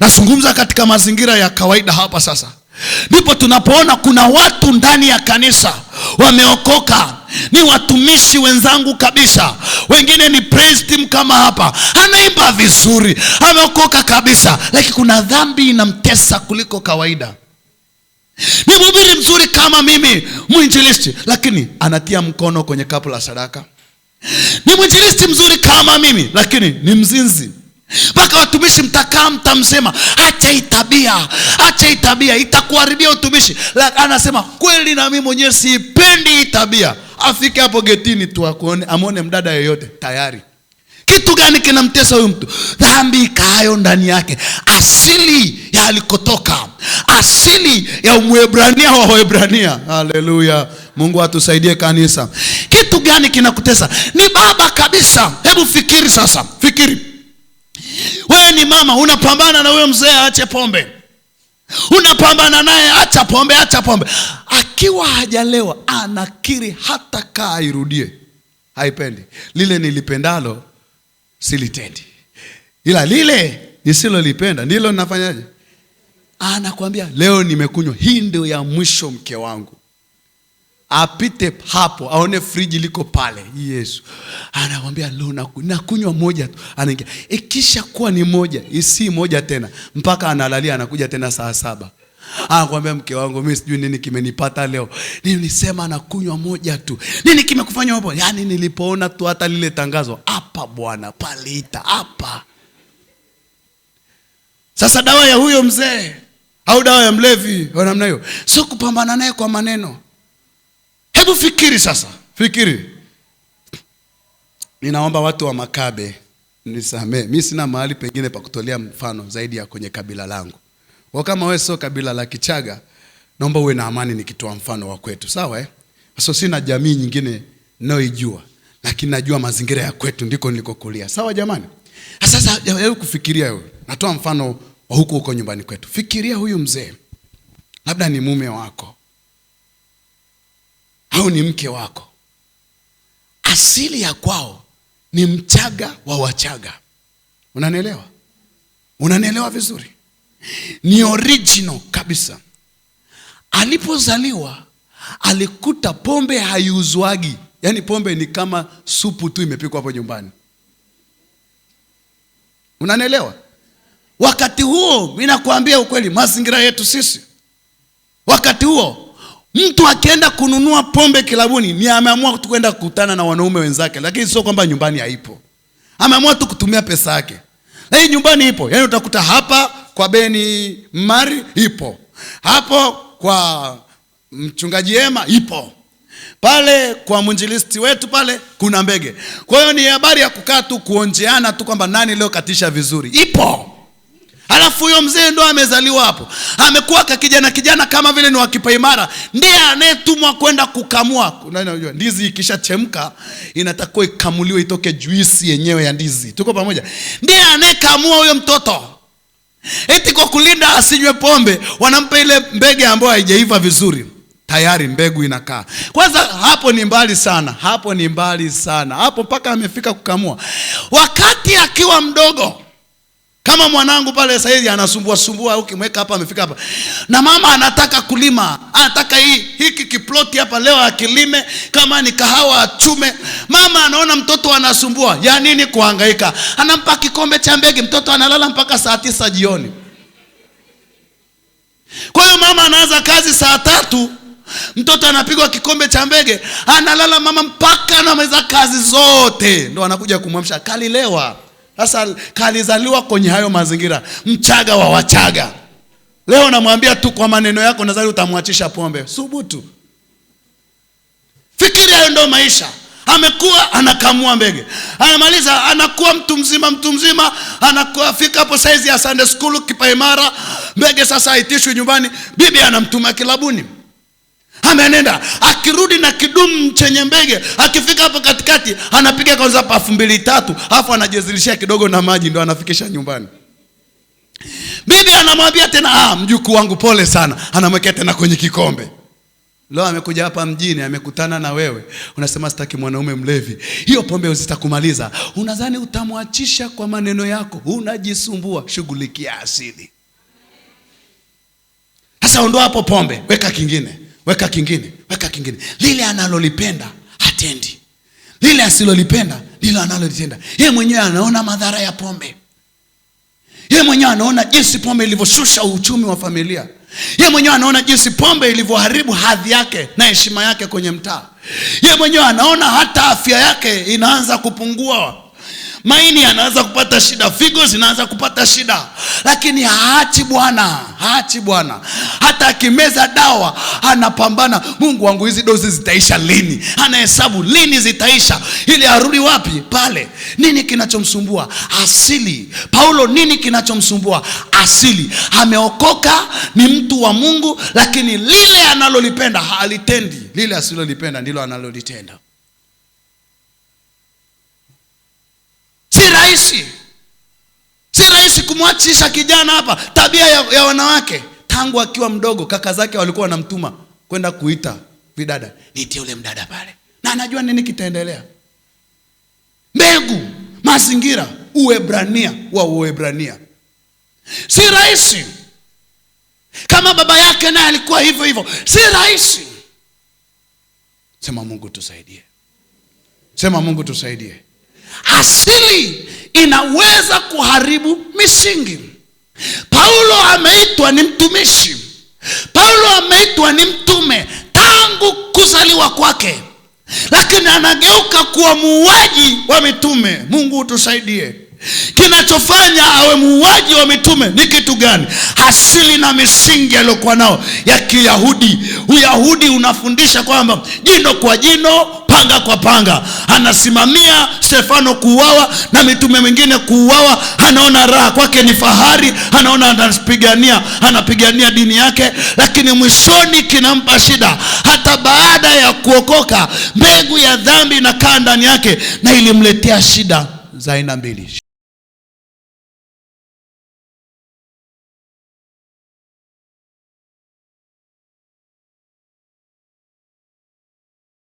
Nazungumza katika mazingira ya kawaida hapa sasa. Ndipo tunapoona kuna watu ndani ya kanisa wameokoka, ni watumishi wenzangu kabisa, wengine ni praise team kama hapa, anaimba vizuri, ameokoka kabisa, lakini kuna dhambi inamtesa kuliko kawaida. Ni mhubiri mzuri kama mimi, mwinjilisti, lakini anatia mkono kwenye kapu la sadaka. Ni mwinjilisti mzuri kama mimi, lakini ni mzinzi mpaka watumishi mtakaa mtamsema acha hii tabia, acha hii tabia itakuharibia utumishi. Anasema kweli, na mimi mwenyewe siipendi hii tabia. Afike hapo getini tu akuone, amwone mdada yoyote tayari. Kitu gani kinamtesa huyu mtu? Dhambi ikaayo ndani yake, asili ya alikotoka, asili ya umwebrania wa Waebrania. Haleluya, Mungu atusaidie kanisa. Kitu gani kinakutesa? Ni baba kabisa. Hebu fikiri sasa, fikiri wewe ni mama unapambana na huyo mzee aache pombe unapambana naye acha pombe acha pombe akiwa hajalewa anakiri hata kaa airudie haipendi lile nilipendalo silitendi ila lile nisilolipenda ndilo ninafanyaje anakwambia leo nimekunywa hii ndio ya mwisho mke wangu apite hapo aone friji liko pale. Yesu anamwambia leo nakunywa moja tu, anaingia ikisha kuwa ni moja isi moja tena mpaka analalia, anakuja tena saa saba anakuambia mke wangu, mimi sijui nini kimenipata leo, nilisema nakunywa moja tu, nini kimekufanya hapo? yaani nilipoona tu hata lile tangazo hapa, bwana paliita hapa. Sasa dawa ya huyo mzee au dawa ya mlevi wa namna hiyo sio kupambana naye kwa maneno Hebu fikiri sasa, fikiri. Ninaomba watu wa Makabe nisamee, mi sina mahali pengine pa kutolea mfano zaidi ya kwenye kabila langu. Kwa kama wewe sio kabila la Kichaga, naomba uwe na amani nikitoa mfano wa kwetu, sawa eh? sina jamii nyingine nayoijua, lakini najua mazingira ya kwetu, ndiko nilikokulia, sawa jamani. Ah, sasa hebu kufikiria wewe, natoa mfano wa huko huko nyumbani kwetu. Fikiria huyu mzee, labda ni mume wako au ni mke wako. Asili ya kwao ni Mchaga wa Wachaga. Unanielewa? Unanielewa vizuri? Ni original kabisa. Alipozaliwa alikuta pombe haiuzwagi, yaani pombe ni kama supu tu imepikwa hapo nyumbani. Unanielewa? Wakati huo, mi nakwambia ukweli, mazingira yetu sisi wakati huo Mtu akienda kununua pombe kilabuni ni ameamua tu kwenda kukutana na wanaume wenzake, lakini sio kwamba nyumbani haipo. Ameamua tu kutumia pesa yake, lakini nyumbani ipo. Yaani utakuta hapa kwa Beni Mari ipo, hapo kwa mchungaji Ema ipo, pale kwa mwinjilisti wetu pale kuna Mbege. Kwa hiyo ni habari ya kukaa tu kuonjeana tu kwamba nani leo katisha vizuri, ipo. Halafu huyo mzee ndo amezaliwa hapo, amekuwa ka kijana kijana kama vile ni wakipaimara, ndiye anayetumwa kwenda kukamua. Unajua ndizi ikishachemka inatakiwa ikamuliwe itoke juisi yenyewe ya ndizi. Tuko pamoja? Ndiye anayekamua huyo mtoto, eti kwa kulinda asinywe pombe, wanampa ile mbege ambayo haijaiva vizuri tayari mbegu inakaa kwanza. Hapo ni mbali sana, hapo ni mbali sana, hapo mpaka amefika kukamua wakati akiwa mdogo. Kama mwanangu pale sasa hivi anasumbua sumbua, ukimweka hapa amefika hapa, na mama anataka kulima, anataka hii hiki kiploti hapa leo akilime, kama ni kahawa achume. Mama anaona mtoto anasumbua, ya nini kuhangaika? Anampa kikombe cha mbege, mtoto analala mpaka saa tisa jioni. Kwa hiyo mama anaanza kazi saa tatu, mtoto anapigwa kikombe cha mbege, analala mama mpaka anamaliza kazi zote, ndo anakuja kumwamsha, kalilewa sasa kalizaliwa kwenye hayo mazingira, Mchaga wa Wachaga. Leo namwambia tu kwa maneno yako, nadhani utamwachisha pombe. Subutu, fikiri hayo ndio maisha. Amekuwa anakamua mbege, anamaliza anakuwa mtu mzima, mtu mzima anakuwa fika hapo saizi ya Sunday school, kipaimara mbege. Sasa aitishwi nyumbani, bibi anamtuma kilabuni amenenda. Akirudi na kidumu chenye mbege, akifika hapo katikati anapiga kwanza pafu mbili tatu, afu anajezilishia kidogo na maji, ndo anafikisha nyumbani. Bibi anamwambia tena, ah, mjukuu wangu pole sana, anamwekea tena kwenye kikombe. Leo amekuja hapa mjini, amekutana na wewe, unasema sitaki mwanaume mlevi, hiyo pombe zitakumaliza. Unadhani utamwachisha kwa maneno yako? Unajisumbua, shughulikia asili sasa. Ondoa hapo pombe, weka kingine weka kingine, weka kingine. Lile analolipenda hatendi, lile asilolipenda ndilo analolitenda. Yeye mwenyewe anaona madhara ya pombe, yeye mwenyewe anaona jinsi pombe ilivyoshusha uchumi wa familia ye mwenyewe anaona jinsi pombe ilivyoharibu hadhi yake na heshima yake kwenye mtaa. Ye mwenyewe anaona hata afya yake inaanza kupungua Maini anaanza kupata shida, figo zinaanza kupata shida, lakini haachi Bwana, haachi Bwana. Hata akimeza dawa anapambana. Mungu wangu, hizi dozi zitaisha lini? Anahesabu lini zitaisha, ili arudi wapi? Pale. Nini kinachomsumbua? Asili. Paulo, nini kinachomsumbua? Asili. Ameokoka, ni mtu wa Mungu, lakini lile analolipenda halitendi, lile asilolipenda ndilo analolitenda. Si rahisi kumwachisha kijana hapa tabia ya, ya wanawake. Tangu akiwa mdogo, kaka zake walikuwa wanamtuma kwenda kuita vidada, niti ule mdada pale, na anajua nini kitaendelea. Mbegu, mazingira, Uebrania wa Uebrania. Si rahisi kama baba yake naye alikuwa hivyo hivyo, si rahisi. Sema Mungu tusaidie, sema Mungu tusaidie. Asili inaweza kuharibu misingi. Paulo ameitwa ni mtumishi, Paulo ameitwa ni mtume tangu kuzaliwa kwake, lakini anageuka kuwa muuaji wa mitume. Mungu utusaidie. Kinachofanya awe muuaji wa mitume ni kitu gani? Hasili na misingi aliyokuwa nao ya Kiyahudi. Uyahudi unafundisha kwamba jino kwa jino, panga kwa panga. Anasimamia Stefano kuuawa na mitume mingine kuuawa, anaona raha kwake, ni fahari, anaona anapigania, anapigania dini yake, lakini mwishoni kinampa shida. Hata baada ya kuokoka, mbegu ya dhambi inakaa ndani yake na ilimletea shida za aina mbili.